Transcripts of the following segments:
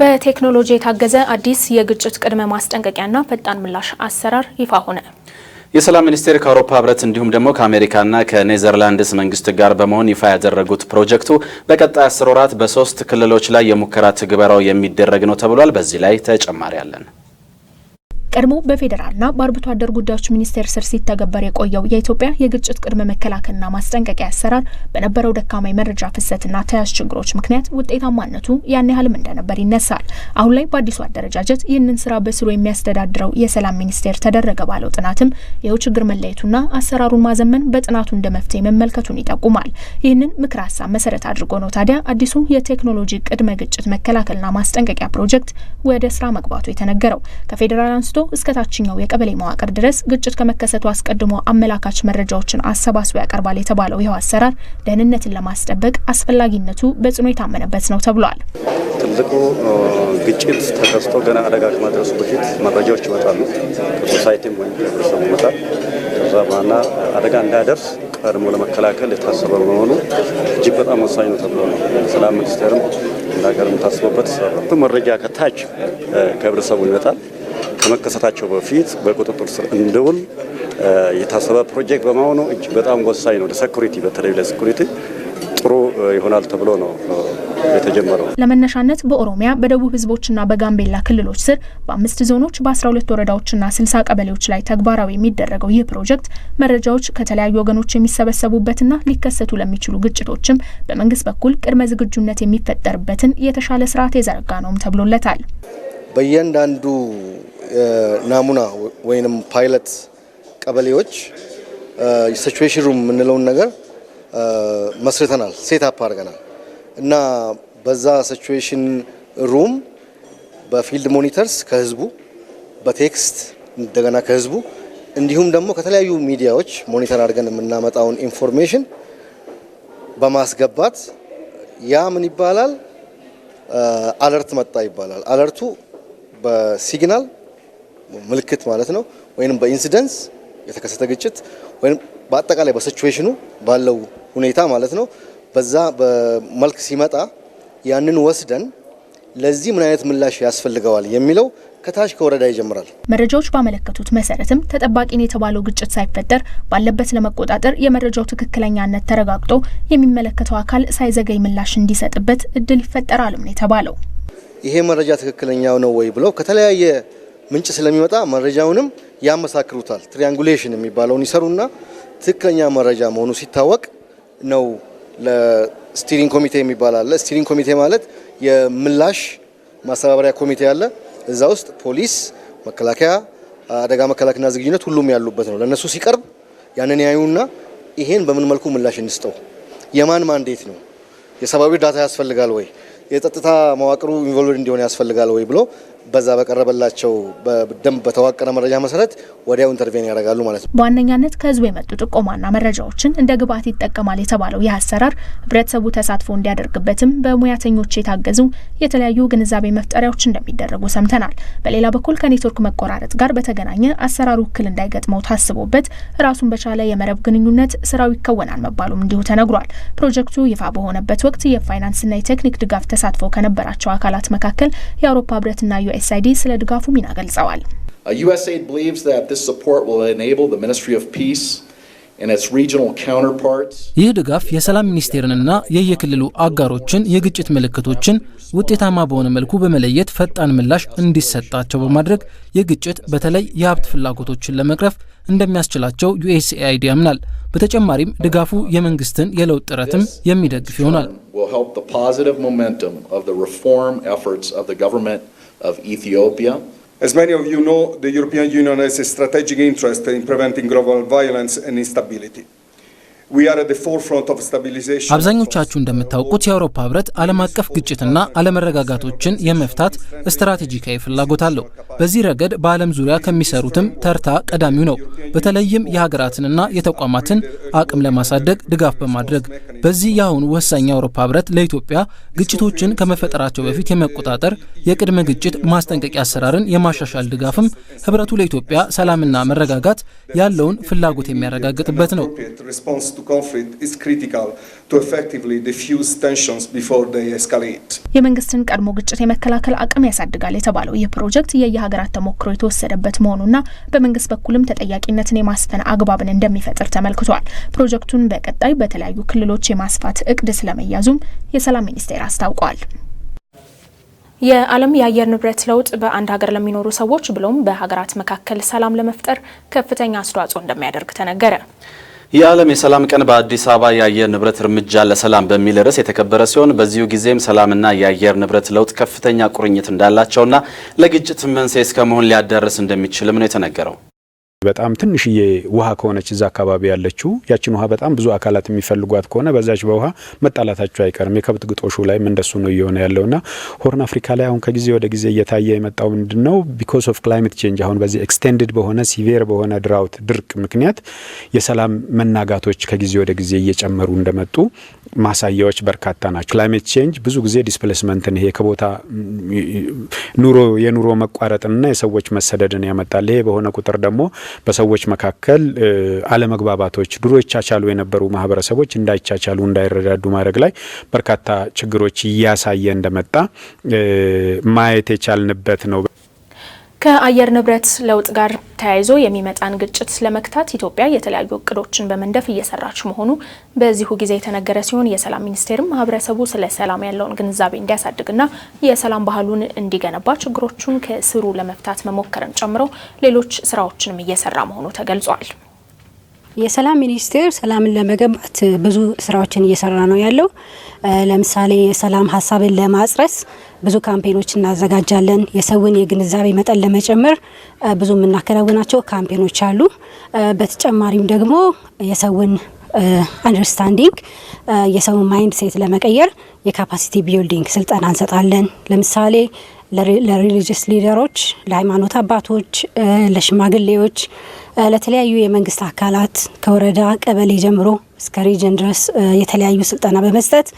በቴክኖሎጂ የታገዘ አዲስ የግጭት ቅድመ ማስጠንቀቂያና ፈጣን ምላሽ አሰራር ይፋ ሆነ። የሰላም ሚኒስቴር ከአውሮፓ ህብረት እንዲሁም ደግሞ ከአሜሪካና ከኔዘርላንድስ መንግስት ጋር በመሆን ይፋ ያደረጉት ፕሮጀክቱ በቀጣይ አስር ወራት በሶስት ክልሎች ላይ የሙከራ ትግበራው የሚደረግ ነው ተብሏል። በዚህ ላይ ተጨማሪ አለን። ቀድሞ በፌዴራልና በአርብቶ አደር ጉዳዮች ሚኒስቴር ስር ሲተገበር የቆየው የኢትዮጵያ የግጭት ቅድመ መከላከልና ማስጠንቀቂያ አሰራር በነበረው ደካማ መረጃ ፍሰትና ተያዝ ችግሮች ምክንያት ውጤታማነቱ ያን ያህልም እንደነበር ይነሳል። አሁን ላይ በአዲሱ አደረጃጀት ይህንን ስራ በስሩ የሚያስተዳድረው የሰላም ሚኒስቴር ተደረገ ባለው ጥናትም ይኸው ችግር መለየቱና አሰራሩን ማዘመን በጥናቱ እንደ መፍትሄ መመልከቱን ይጠቁማል። ይህንን ምክር ሀሳብ መሰረት አድርጎ ነው ታዲያ አዲሱ የቴክኖሎጂ ቅድመ ግጭት መከላከልና ማስጠንቀቂያ ፕሮጀክት ወደ ስራ መግባቱ የተነገረው ከፌዴራል አንስቶ እስከ ታችኛው የቀበሌ መዋቅር ድረስ ግጭት ከመከሰቱ አስቀድሞ አመላካች መረጃዎችን አሰባስቦ ያቀርባል የተባለው ይኸው አሰራር ደህንነትን ለማስጠበቅ አስፈላጊነቱ በጽኑ የታመነበት ነው ተብሏል። ትልቁ ግጭት ተከስቶ ገና አደጋ ከማድረሱ በፊት መረጃዎች ይመጣሉ። ከሶሳይቲም ወይም ከህብረተሰቡ ይመጣል። ከዛ በኋላ አደጋ እንዳያደርስ ቀድሞ ለመከላከል የታሰበ በመሆኑ እጅግ በጣም ወሳኝ ነው ተብሎ ነው ሰላም ሚኒስቴርም እንደ ሀገርም ታስቦበት መረጃ ከታች ከህብረተሰቡ ይመጣል። ከመከሰታቸው በፊት በቁጥጥር ስር እንዲውል የታሰበ ፕሮጀክት በመሆኑ እጅ በጣም ወሳኝ ነው። ለሴኩሪቲ በተለይ ለሴኩሪቲ ጥሩ ይሆናል ተብሎ ነው የተጀመረው። ለመነሻነት በኦሮሚያ በደቡብ ህዝቦችና በጋምቤላ ክልሎች ስር በአምስት ዞኖች በ12 ወረዳዎችና 60 ቀበሌዎች ላይ ተግባራዊ የሚደረገው ይህ ፕሮጀክት መረጃዎች ከተለያዩ ወገኖች የሚሰበሰቡበትና ሊከሰቱ ለሚችሉ ግጭቶችም በመንግስት በኩል ቅድመ ዝግጁነት የሚፈጠርበትን የተሻለ ስርዓት የዘረጋ ነውም ተብሎለታል። በእያንዳንዱ ናሙና ወይንም ፓይለት ቀበሌዎች ሲቹዌሽን ሩም የምንለውን ነገር መስርተናል፣ ሴት አፕ አድርገናል እና በዛ ሲቹዌሽን ሩም በፊልድ ሞኒተርስ ከህዝቡ በቴክስት እንደገና ከህዝቡ እንዲሁም ደግሞ ከተለያዩ ሚዲያዎች ሞኒተር አድርገን የምናመጣውን ኢንፎርሜሽን በማስገባት ያ ምን ይባላል አለርት መጣ ይባላል። አለርቱ በሲግናል ምልክት ማለት ነው ወይም በኢንሲደንስ የተከሰተ ግጭት ወይም በአጠቃላይ በሲቹዌሽኑ ባለው ሁኔታ ማለት ነው በዛ በመልክ ሲመጣ ያንን ወስደን ለዚህ ምን አይነት ምላሽ ያስፈልገዋል የሚለው ከታች ከወረዳ ይጀምራል። መረጃዎች ባመለከቱት መሰረትም ተጠባቂን የተባለው ግጭት ሳይፈጠር ባለበት ለመቆጣጠር የመረጃው ትክክለኛነት ተረጋግጦ የሚመለከተው አካል ሳይዘገይ ምላሽ እንዲሰጥበት እድል ይፈጠራልም ነው የተባለው። ይሄ መረጃ ትክክለኛው ነው ወይ ብለው ከተለያየ ምንጭ ስለሚመጣ መረጃውንም ያመሳክሩታል። ትሪያንጉሌሽን የሚባለውን ይሰሩና ትክክለኛ መረጃ መሆኑ ሲታወቅ ነው ለስቲሪንግ ኮሚቴ የሚባል አለ። ስቲሪንግ ኮሚቴ ማለት የምላሽ ማስተባበሪያ ኮሚቴ አለ። እዛ ውስጥ ፖሊስ፣ መከላከያ፣ አደጋ መከላከልና ዝግጅነት ሁሉም ያሉበት ነው። ለእነሱ ሲቀርብ ያንን ያዩና ይሄን በምን መልኩ ምላሽ እንስጠው፣ የማን ማንዴት ነው፣ የሰብአዊ እርዳታ ያስፈልጋል ወይ የጸጥታ መዋቅሩ ኢንቮልቭድ እንዲሆን ያስፈልጋል ወይ ብሎ በዛ በቀረበላቸው በደንብ በተዋቀረ መረጃ መሰረት ወዲያው ኢንተርቬን ያደርጋሉ ማለት ነው። በዋነኛነት ከህዝቡ የመጡ ጥቆማና መረጃዎችን እንደ ግብዓት ይጠቀማል የተባለው ይህ አሰራር ህብረተሰቡ ተሳትፎ እንዲያደርግበትም በሙያተኞች የታገዙ የተለያዩ ግንዛቤ መፍጠሪያዎች እንደሚደረጉ ሰምተናል። በሌላ በኩል ከኔትወርክ መቆራረጥ ጋር በተገናኘ አሰራሩ እክል እንዳይገጥመው ታስቦበት ራሱን በቻለ የመረብ ግንኙነት ስራው ይከወናል መባሉም እንዲሁ ተነግሯል። ፕሮጀክቱ ይፋ በሆነበት ወቅት የፋይናንስና የቴክኒክ ድጋፍ ተሳትፎ ከነበራቸው አካላት መካከል የአውሮፓ ህብረትና ዩ ዩኤስአይዲ ስለ ድጋፉ ሚና ገልጸዋል። ዩኤስኤድ ቢሊቭስ ዛት ዚስ ሰፖርት ዊል ኢኔብል ዘ ሚኒስትሪ ኦፍ ፒስ ይህ ድጋፍ የሰላም ሚኒስቴርንና የየክልሉ አጋሮችን የግጭት ምልክቶችን ውጤታማ በሆነ መልኩ በመለየት ፈጣን ምላሽ እንዲሰጣቸው በማድረግ የግጭት በተለይ የሀብት ፍላጎቶችን ለመቅረፍ እንደሚያስችላቸው ዩኤስኤአይዲ ያምናል። በተጨማሪም ድጋፉ የመንግስትን የለውጥ ጥረትም የሚደግፍ ይሆናል። ሪፎርም ኤፈርትስ ኦፍ ኦፍ ኢትዮጵያ As many of you know, the European Union has a strategic interest in preventing global violence and instability. አብዛኞቻችሁ እንደምታውቁት የአውሮፓ ህብረት ዓለም አቀፍ ግጭትና አለመረጋጋቶችን የመፍታት ስትራቴጂካዊ ፍላጎት አለው። በዚህ ረገድ በዓለም ዙሪያ ከሚሰሩትም ተርታ ቀዳሚው ነው። በተለይም የሀገራትንና የተቋማትን አቅም ለማሳደግ ድጋፍ በማድረግ በዚህ የአሁኑ ወሳኝ የአውሮፓ ህብረት ለኢትዮጵያ ግጭቶችን ከመፈጠራቸው በፊት የመቆጣጠር የቅድመ ግጭት ማስጠንቀቂያ አሰራርን የማሻሻል ድጋፍም ህብረቱ ለኢትዮጵያ ሰላምና መረጋጋት ያለውን ፍላጎት የሚያረጋግጥበት ነው። conflict is critical to effectively diffuse tensions before they escalate። የመንግስትን ቀድሞ ግጭት የመከላከል አቅም ያሳድጋል የተባለው ይህ ፕሮጀክት የየሀገራት ተሞክሮ የተወሰደበት መሆኑና በመንግስት በኩልም ተጠያቂነትን የማስፈን አግባብን እንደሚፈጥር ተመልክቷል። ፕሮጀክቱን በቀጣይ በተለያዩ ክልሎች የማስፋት እቅድ ስለመያዙም የሰላም ሚኒስቴር አስታውቋል። የዓለም የአየር ንብረት ለውጥ በአንድ ሀገር ለሚኖሩ ሰዎች ብሎም በሀገራት መካከል ሰላም ለመፍጠር ከፍተኛ አስተዋጽኦ እንደሚያደርግ ተነገረ። የዓለም የሰላም ቀን በአዲስ አበባ የአየር ንብረት እርምጃ ለሰላም በሚል ርዕስ የተከበረ ሲሆን በዚሁ ጊዜም ሰላምና የአየር ንብረት ለውጥ ከፍተኛ ቁርኝት እንዳላቸውና ለግጭት መንስኤ እስከመሆን ሊያዳርስ እንደሚችልም ነው የተነገረው። በጣም ትንሽዬ ውሃ ከሆነች እዛ አካባቢ ያለችው ያችን ውሃ በጣም ብዙ አካላት የሚፈልጓት ከሆነ በዛች በውሃ መጣላታቸው አይቀርም። የከብት ግጦሹ ላይም እንደሱ ነው እየሆነ ያለውና ሆርን አፍሪካ ላይ አሁን ከጊዜ ወደ ጊዜ እየታየ የመጣው ምንድን ነው? ቢኮዝ ኦፍ ክላይሜት ቼንጅ አሁን በዚህ ኤክስቴንድድ በሆነ ሲቪር በሆነ ድራውት ድርቅ ምክንያት የሰላም መናጋቶች ከጊዜ ወደ ጊዜ እየጨመሩ እንደመጡ ማሳያዎች በርካታ ናቸው። ክላይሜት ቼንጅ ብዙ ጊዜ ዲስፕሌስመንትን ይሄ ከቦታ ኑሮ የኑሮ መቋረጥንና የሰዎች መሰደድን ያመጣል። ይሄ በሆነ ቁጥር ደግሞ በሰዎች መካከል አለመግባባቶች፣ ድሮ ይቻቻሉ የነበሩ ማህበረሰቦች እንዳይቻቻሉ እንዳይረዳዱ ማድረግ ላይ በርካታ ችግሮች እያሳየ እንደመጣ ማየት የቻልንበት ነው። ከአየር ንብረት ለውጥ ጋር ተያይዞ የሚመጣን ግጭት ለመግታት ኢትዮጵያ የተለያዩ እቅዶችን በመንደፍ እየሰራች መሆኑ በዚሁ ጊዜ የተነገረ ሲሆን የሰላም ሚኒስቴርም ማህበረሰቡ ስለ ሰላም ያለውን ግንዛቤ እንዲያሳድግና የሰላም ባህሉን እንዲገነባ ችግሮቹን ከስሩ ለመፍታት መሞከርን ጨምሮ ሌሎች ስራዎችንም እየሰራ መሆኑ ተገልጿል። የሰላም ሚኒስቴር ሰላምን ለመገንባት ብዙ ስራዎችን እየሰራ ነው ያለው። ለምሳሌ የሰላም ሀሳብን ለማጽረስ ብዙ ካምፔኖች እናዘጋጃለን። የሰውን የግንዛቤ መጠን ለመጨመር ብዙ የምናከናውናቸው ካምፔኖች አሉ። በተጨማሪም ደግሞ የሰውን አንደርስታንዲንግ uh, uh, የሰው ማይንድ ሴት ለመቀየር የካፓሲቲ ቢልዲንግ ስልጠና እንሰጣለን። ለምሳሌ ለሪሊጅስ ሊደሮች፣ ለሃይማኖት አባቶች፣ uh, ለሽማግሌዎች፣ ለተለያዩ የመንግስት አካላት ከወረዳ ቀበሌ ጀምሮ እስከ ሪጅን ድረስ የተለያዩ ስልጠና በመስጠት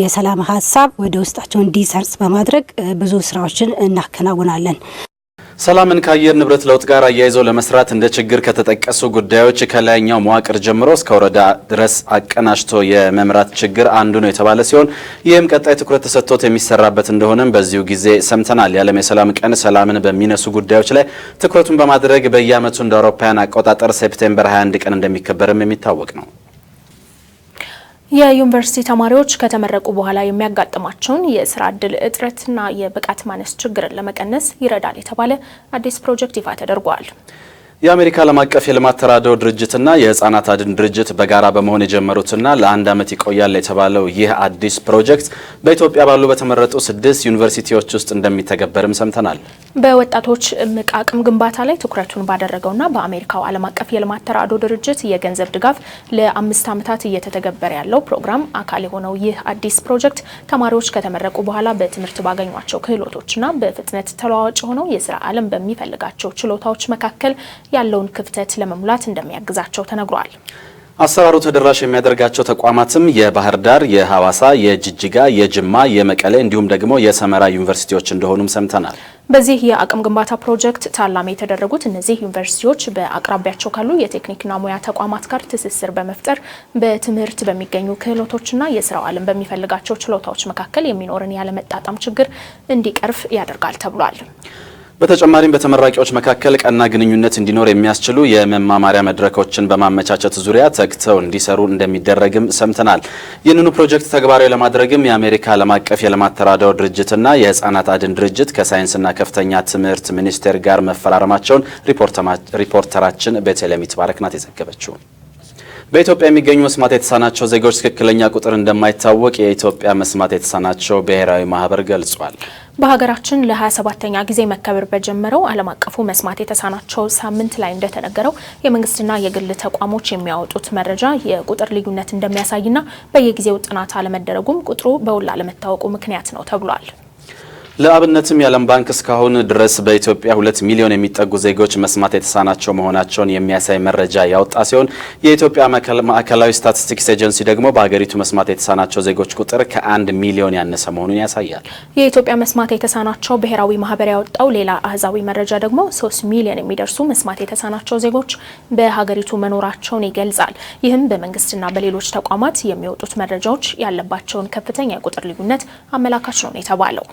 የሰላም ሀሳብ ወደ ውስጣቸው እንዲሰርጽ በማድረግ ብዙ ስራዎችን እናከናውናለን። ሰላምን ከአየር ንብረት ለውጥ ጋር አያይዘው ለመስራት እንደ ችግር ከተጠቀሱ ጉዳዮች ከላይኛው መዋቅር ጀምሮ እስከ ወረዳ ድረስ አቀናጅቶ የመምራት ችግር አንዱ ነው የተባለ ሲሆን ይህም ቀጣይ ትኩረት ተሰጥቶት የሚሰራበት እንደሆነም በዚሁ ጊዜ ሰምተናል። የዓለም የሰላም ቀን ሰላምን በሚነሱ ጉዳዮች ላይ ትኩረቱን በማድረግ በየዓመቱ እንደ አውሮፓውያን አቆጣጠር ሴፕቴምበር 21 ቀን እንደሚከበርም የሚታወቅ ነው። የዩኒቨርሲቲ ተማሪዎች ከተመረቁ በኋላ የሚያጋጥማቸውን የስራ እድል እጥረትና የብቃት ማነስ ችግርን ለመቀነስ ይረዳል የተባለ አዲስ ፕሮጀክት ይፋ ተደርጓል። የአሜሪካ ዓለም አቀፍ የልማት ተራድኦ ድርጅትና የህፃናት አድን ድርጅት በጋራ በመሆን የጀመሩትና ለአንድ ዓመት ይቆያል የተባለው ይህ አዲስ ፕሮጀክት በኢትዮጵያ ባሉ በተመረጡ ስድስት ዩኒቨርሲቲዎች ውስጥ እንደሚተገበርም ሰምተናል። በወጣቶች እምቅ አቅም ግንባታ ላይ ትኩረቱን ባደረገውና በአሜሪካው ዓለም አቀፍ የልማት ተራድኦ ድርጅት የገንዘብ ድጋፍ ለአምስት ዓመታት እየተተገበረ ያለው ፕሮግራም አካል የሆነው ይህ አዲስ ፕሮጀክት ተማሪዎች ከተመረቁ በኋላ በትምህርት ባገኟቸው ክህሎቶችና በፍጥነት ተለዋዋጭ ሆነው የስራ ዓለም በሚፈልጋቸው ችሎታዎች መካከል ያለውን ክፍተት ለመሙላት እንደሚያግዛቸው ተነግሯል። አሰራሩ ተደራሽ የሚያደርጋቸው ተቋማትም የባህር ዳር፣ የሐዋሳ፣ የጅጅጋ፣ የጅማ፣ የመቀሌ እንዲሁም ደግሞ የሰመራ ዩኒቨርሲቲዎች እንደሆኑም ሰምተናል። በዚህ የአቅም ግንባታ ፕሮጀክት ታላሚ የተደረጉት እነዚህ ዩኒቨርሲቲዎች በአቅራቢያቸው ካሉ የቴክኒክና ሙያ ተቋማት ጋር ትስስር በመፍጠር በትምህርት በሚገኙ ክህሎቶችና የስራው ዓለም በሚፈልጋቸው ችሎታዎች መካከል የሚኖርን ያለመጣጣም ችግር እንዲቀርፍ ያደርጋል ተብሏል። በተጨማሪም በተመራቂዎች መካከል ቀና ግንኙነት እንዲኖር የሚያስችሉ የመማማሪያ መድረኮችን በማመቻቸት ዙሪያ ተግተው እንዲሰሩ እንደሚደረግም ሰምተናል። ይህንኑ ፕሮጀክት ተግባራዊ ለማድረግም የአሜሪካ ዓለም አቀፍ የልማት ተራድኦ ድርጅትና የህፃናት አድን ድርጅት ከሳይንስና ከፍተኛ ትምህርት ሚኒስቴር ጋር መፈራረማቸውን ሪፖርተራችን ቤተልሔም ይትባረክ ናት የዘገበችው። በኢትዮጵያ የሚገኙ መስማት የተሳናቸው ዜጎች ትክክለኛ ቁጥር እንደማይታወቅ የኢትዮጵያ መስማት የተሳናቸው ብሔራዊ ማህበር ገልጿል። በሀገራችን ለ27ተኛ ጊዜ መከበር በጀመረው ዓለም አቀፉ መስማት የተሳናቸው ሳምንት ላይ እንደተነገረው የመንግስትና የግል ተቋሞች የሚያወጡት መረጃ የቁጥር ልዩነት እንደሚያሳይና በየጊዜው ጥናት አለመደረጉም ቁጥሩ በውል አለመታወቁ ምክንያት ነው ተብሏል። ለአብነትም የዓለም ባንክ እስካሁን ድረስ በኢትዮጵያ ሁለት ሚሊዮን የሚጠጉ ዜጎች መስማት የተሳናቸው መሆናቸውን የሚያሳይ መረጃ ያወጣ ሲሆን የኢትዮጵያ ማዕከላዊ ስታቲስቲክስ ኤጀንሲ ደግሞ በሀገሪቱ መስማት የተሳናቸው ዜጎች ቁጥር ከአንድ ሚሊዮን ያነሰ መሆኑን ያሳያል። የኢትዮጵያ መስማት የተሳናቸው ብሔራዊ ማህበር ያወጣው ሌላ አህዛዊ መረጃ ደግሞ ሶስት ሚሊዮን የሚደርሱ መስማት የተሳናቸው ዜጎች በሀገሪቱ መኖራቸውን ይገልጻል። ይህም በመንግስትና በሌሎች ተቋማት የሚወጡት መረጃዎች ያለባቸውን ከፍተኛ የቁጥር ልዩነት አመላካች ነው የተባለው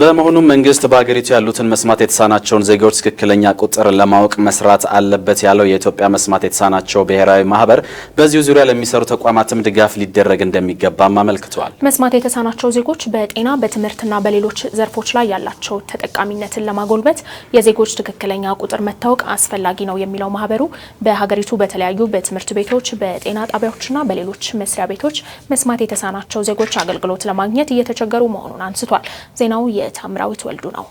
በመሆኑም መንግስት በሀገሪቱ ያሉትን መስማት የተሳናቸውን ዜጋዎች ትክክለኛ ቁጥር ለማወቅ መስራት አለበት ያለው የኢትዮጵያ መስማት የተሳናቸው ብሔራዊ ማህበር በዚሁ ዙሪያ ለሚሰሩ ተቋማትም ድጋፍ ሊደረግ እንደሚገባም አመልክተዋል። መስማት የተሳናቸው ዜጎች በጤና በትምህርትና በሌሎች ዘርፎች ላይ ያላቸው ተጠቃሚነትን ለማጎልበት የዜጎች ትክክለኛ ቁጥር መታወቅ አስፈላጊ ነው የሚለው ማህበሩ በሀገሪቱ በተለያዩ በትምህርት ቤቶች፣ በጤና ጣቢያዎችና በሌሎች መስሪያ ቤቶች መስማት የተሳናቸው ዜጎች አገልግሎት ለማግኘት እየተቸገሩ መሆኑን አንስቷል። ዜናው የታምራዊት ወልዱ ነው።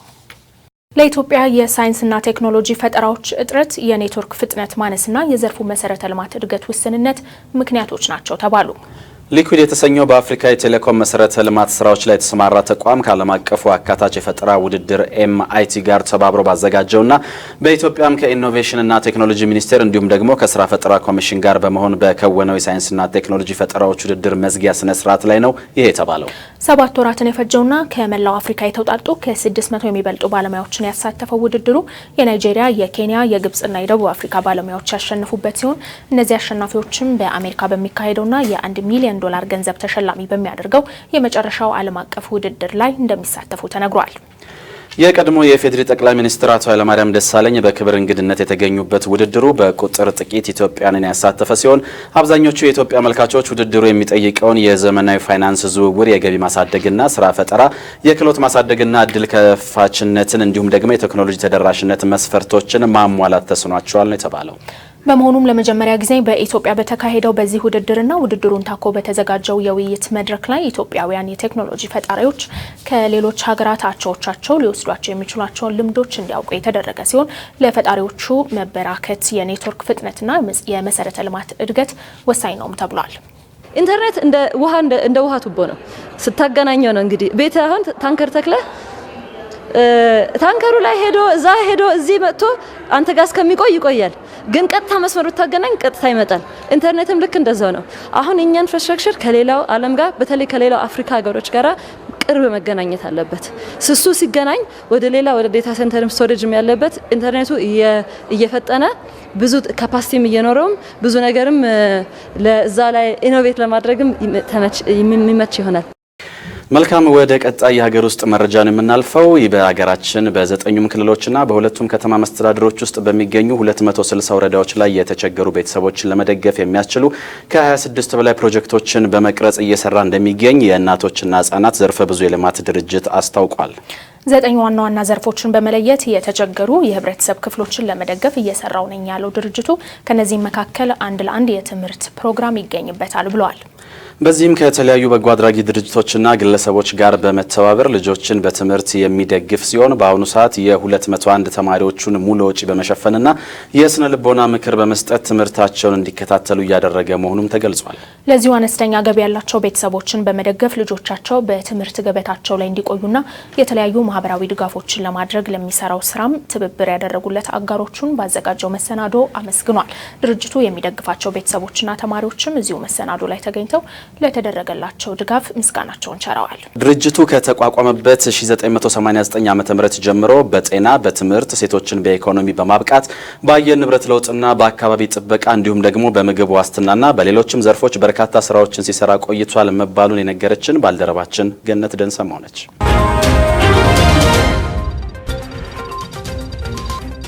ለኢትዮጵያ የሳይንስና ቴክኖሎጂ ፈጠራዎች እጥረት የኔትወርክ ፍጥነት ማነስና የዘርፉ መሰረተ ልማት እድገት ውስንነት ምክንያቶች ናቸው ተባሉ። ሊኩድ የተሰኘው በአፍሪካ የቴሌኮም መሰረተ ልማት ስራዎች ላይ የተሰማራ ተቋም ከዓለም አቀፉ አካታች የፈጠራ ውድድር ኤምአይቲ ጋር ተባብሮ ባዘጋጀውና በኢትዮጵያም ከኢኖቬሽንና ቴክኖሎጂ ሚኒስቴር እንዲሁም ደግሞ ከስራ ፈጠራ ኮሚሽን ጋር በመሆን በከወነው የሳይንስና ቴክኖሎጂ ፈጠራዎች ውድድር መዝጊያ ስነ ስርዓት ላይ ነው ይሄ የተባለው። ሰባት ወራትን የፈጀውና ከመላው አፍሪካ የተውጣጡ ከ600 የሚበልጡ ባለሙያዎችን ያሳተፈው ውድድሩ የናይጄሪያ፣ የኬንያ፣ የግብጽና የደቡብ አፍሪካ ባለሙያዎች ያሸነፉበት ሲሆን እነዚህ አሸናፊዎችም በአሜሪካ በሚካሄደውና የአንድ ሚሊዮን ዶላር ገንዘብ ተሸላሚ በሚያደርገው የመጨረሻው ዓለም አቀፍ ውድድር ላይ እንደሚሳተፉ ተነግሯል። የቀድሞ የኢፌዴሪ ጠቅላይ ሚኒስትር አቶ ኃይለማርያም ደሳለኝ በክብር እንግድነት የተገኙበት ውድድሩ በቁጥር ጥቂት ኢትዮጵያንን ያሳተፈ ሲሆን አብዛኞቹ የኢትዮጵያ መልካቾች ውድድሩ የሚጠይቀውን የዘመናዊ ፋይናንስ ዝውውር፣ የገቢ ማሳደግና ስራ ፈጠራ፣ የክህሎት ማሳደግና እድል ከፋችነትን እንዲሁም ደግሞ የቴክኖሎጂ ተደራሽነት መስፈርቶችን ማሟላት ተስኗቸዋል ነው የተባለው። በመሆኑም ለመጀመሪያ ጊዜ በኢትዮጵያ በተካሄደው በዚህ ውድድርና ውድድሩን ታኮ በተዘጋጀው የውይይት መድረክ ላይ ኢትዮጵያውያን የቴክኖሎጂ ፈጣሪዎች ከሌሎች ሀገራት አቻዎቻቸው ሊወስዷቸው የሚችሏቸውን ልምዶች እንዲያውቁ የተደረገ ሲሆን ለፈጣሪዎቹ መበራከት የኔትወርክ ፍጥነትና የመሰረተ ልማት እድገት ወሳኝ ነውም ተብሏል። ኢንተርኔት እንደ ውሃ እንደ ውሃ ቱቦ ነው፣ ስታገናኘው ነው እንግዲህ ቤት አሁን ታንከር ተክለ ታንከሩ ላይ ሄዶ እዛ ሄዶ እዚህ መጥቶ አንተ ጋር እስከሚቆይ ይቆያል። ግን ቀጥታ መስመሩ ብታገናኝ ቀጥታ ይመጣል። ኢንተርኔትም ልክ እንደዛው ነው። አሁን የኛ ኢንፍራስትራክቸር ከሌላው ዓለም ጋር በተለይ ከሌላው አፍሪካ ሀገሮች ጋራ ቅርብ መገናኘት አለበት። ስሱ ሲገናኝ ወደ ሌላ ወደ ዴታ ሴንተርም ስቶሬጅም ያለበት ኢንተርኔቱ እየፈጠነ ብዙ ካፓሲቲም እየኖረውም ብዙ ነገርም ለዛ ላይ ኢኖቬት ለማድረግም የሚመች ይሆናል። መልካም ወደ ቀጣይ የሀገር ውስጥ መረጃ ነው የምናልፈው። በሀገራችን በዘጠኙም ክልሎችና በሁለቱም ከተማ መስተዳድሮች ውስጥ በሚገኙ 260 ወረዳዎች ላይ የተቸገሩ ቤተሰቦችን ለመደገፍ የሚያስችሉ ከ26 በላይ ፕሮጀክቶችን በመቅረጽ እየሰራ እንደሚገኝ የእናቶችና ሕጻናት ዘርፈ ብዙ የልማት ድርጅት አስታውቋል። ዘጠኝ ዋና ዋና ዘርፎችን በመለየት የተቸገሩ የህብረተሰብ ክፍሎችን ለመደገፍ እየሰራው ነኝ ያለው ድርጅቱ ከነዚህም መካከል አንድ ለአንድ የትምህርት ፕሮግራም ይገኝበታል ብሏል። በዚህም ከተለያዩ በጎ አድራጊ ድርጅቶችና ግለሰቦች ጋር በመተባበር ልጆችን በትምህርት የሚደግፍ ሲሆን በአሁኑ ሰዓት የ201 ተማሪዎቹን ሙሉ ወጪ በመሸፈንና የስነ ልቦና ምክር በመስጠት ትምህርታቸውን እንዲከታተሉ እያደረገ መሆኑም ተገልጿል። ለዚሁ አነስተኛ ገቢ ያላቸው ቤተሰቦችን በመደገፍ ልጆቻቸው በትምህርት ገበታቸው ላይ እንዲቆዩና የተለያዩ ማህበራዊ ድጋፎችን ለማድረግ ለሚሰራው ስራም ትብብር ያደረጉለት አጋሮቹን ባዘጋጀው መሰናዶ አመስግኗል። ድርጅቱ የሚደግፋቸው ቤተሰቦችና ተማሪዎችም እዚሁ መሰናዶ ላይ ተገኝተው ለተደረገላቸው ድጋፍ ምስጋናቸውን ቸረዋል። ድርጅቱ ከተቋቋመበት 1989 ዓ ም ጀምሮ በጤና፣ በትምህርት፣ ሴቶችን በኢኮኖሚ በማብቃት በአየር ንብረት ለውጥና በአካባቢ ጥበቃ እንዲሁም ደግሞ በምግብ ዋስትናና በሌሎችም ዘርፎች በርካታ ስራዎችን ሲሰራ ቆይቷል መባሉን የነገረችን ባልደረባችን ገነት ደንሰማ ነች።